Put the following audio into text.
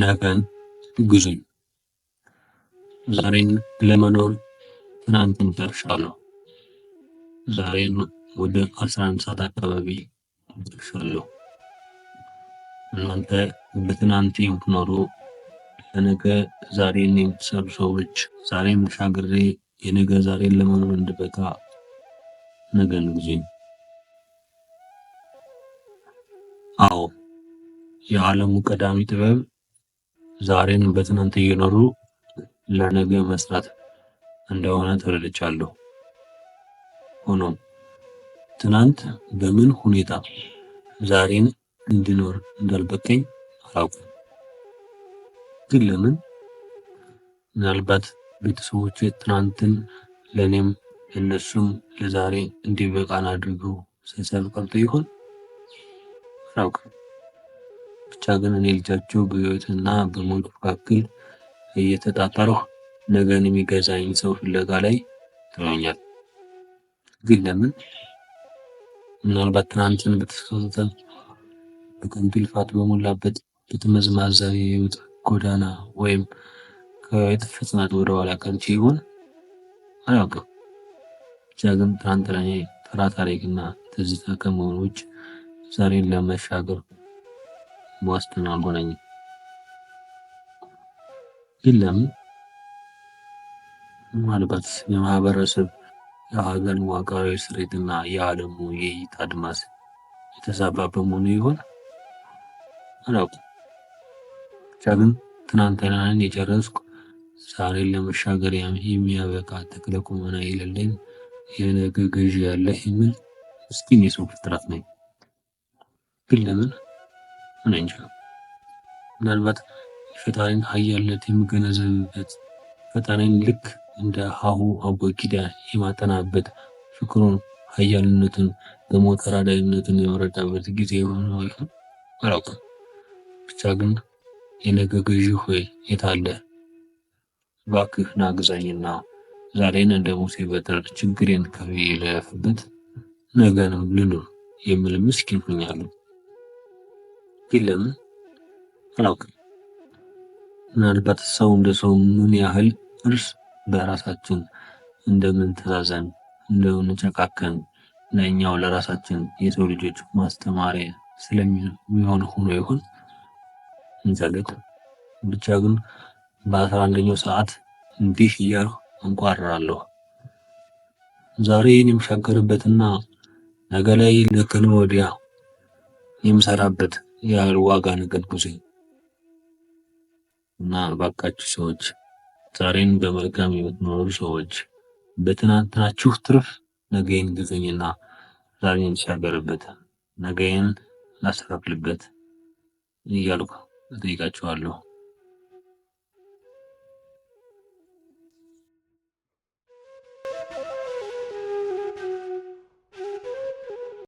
ለቀን ግዙኝ ዛሬን ለመኖር ትናንትን ጨርሻለሁ። ዛሬን ወደ 11 ሰዓት አካባቢ ደርሻለሁ። እናንተ በትናንት የምትኖሩ ለነገ ዛሬን የምትሰሩ ሰዎች ዛሬን ተሻግሬ የነገ ዛሬን ለመኖር እንድበቃ ነገን ግዙኝ። አዎ የዓለሙ ቀዳሚ ጥበብ ዛሬን በትናንት እየኖሩ ለነገ መስራት እንደሆነ ተረድቻለሁ። ሆኖም ትናንት በምን ሁኔታ ዛሬን እንድኖር እንዳልበቀኝ አላውቅም። ግን ለምን? ምናልባት ቤተሰቦች ትናንትን ለእኔም እነሱም ለዛሬ እንዲበቃን አድርገው ሳይሰሩ ቀርቶ ይሆን? አላውቅም። ብቻ ግን እኔ ልጃችሁ በህይወትና በሞት መካከል እየተጣጣርሁ ነገን የሚገዛኝ ሰው ፍለጋ ላይ ጥሎኛል። ግን ለምን? ምናልባት ትናንትን በተሳሳተ በከንቱ ልፋት በሞላበት በተመዝማዛ የህይወት ጎዳና ወይም ከሕይወት ፍጥነት ወደ ኋላ ይሆን? አላውቅም። ብቻ ግን ትናንት ለእኔ ተራ ታሪክና ትዝታ ከመሆኑ ውጭ ዛሬን ለመሻገር በዋስትና አልጎናኝም። ግን ለምን ምናልባት የማህበረሰብ የሀገር መዋቅራዊ ስሬትና የዓለሙ የእይታ አድማስ የተዛባ በመሆኑ ይሆን አላውቅም። ብቻ ግን ትናንትናን የጨረስኩ ዛሬን ለመሻገር የሚያበቃ ተክለ ቁመና የሌለኝ የነገ ገዢ ያለህ የሚል ምስኪን የሰው ፍጥረት ነኝ። ግን ለምን ሊሆን አይችልም። ምናልባት ፈጣሪን ኃያልነት የምገነዘብበት ፈጣሪን ልክ እንደ ሀሁ አቦ ጊዳ የማጠናበት ፍቅሩን፣ ኃያልነትን፣ ደግሞ ተራዳይነትን የመረዳበት ጊዜ የሆነ አላውቅም። ብቻ ግን የነገ ገዢ ሆይ የታለ እባክህ ናግዛኝና ዛሬን እንደ ሙሴ በትር ችግሬን ከፍዬ ልለፍበት ነገንም ልኑር የምል ምስኪን ሆኛለሁ። ግን ለምን አላውቅም። ምናልባት ሰው እንደ ሰው ምን ያህል እርስ በራሳችን እንደምንተዛዘን፣ እንደምንጨካከን ለእኛው ለራሳችን የሰው ልጆች ማስተማሪያ ስለሚሆን ሆኖ ይሆን እንጃለት። ብቻ ግን በአስራ አንደኛው ሰዓት እንዲህ እያልኩ እንቋራለሁ ዛሬ የምሻገርበትና ነገ ላይ ልክ ወዲያ የምሰራበት ያህል ዋጋ ነገርኩሽ እና ባካችሁ ሰዎች ዛሬን በመልካም የምትኖሩ ሰዎች በትናንትናችሁ ትርፍ ነገይን ግዘኝና ዛሬን ተሻገርበት፣ ነገይን ላስተካክልበት እያልኩ እጠይቃችኋለሁ።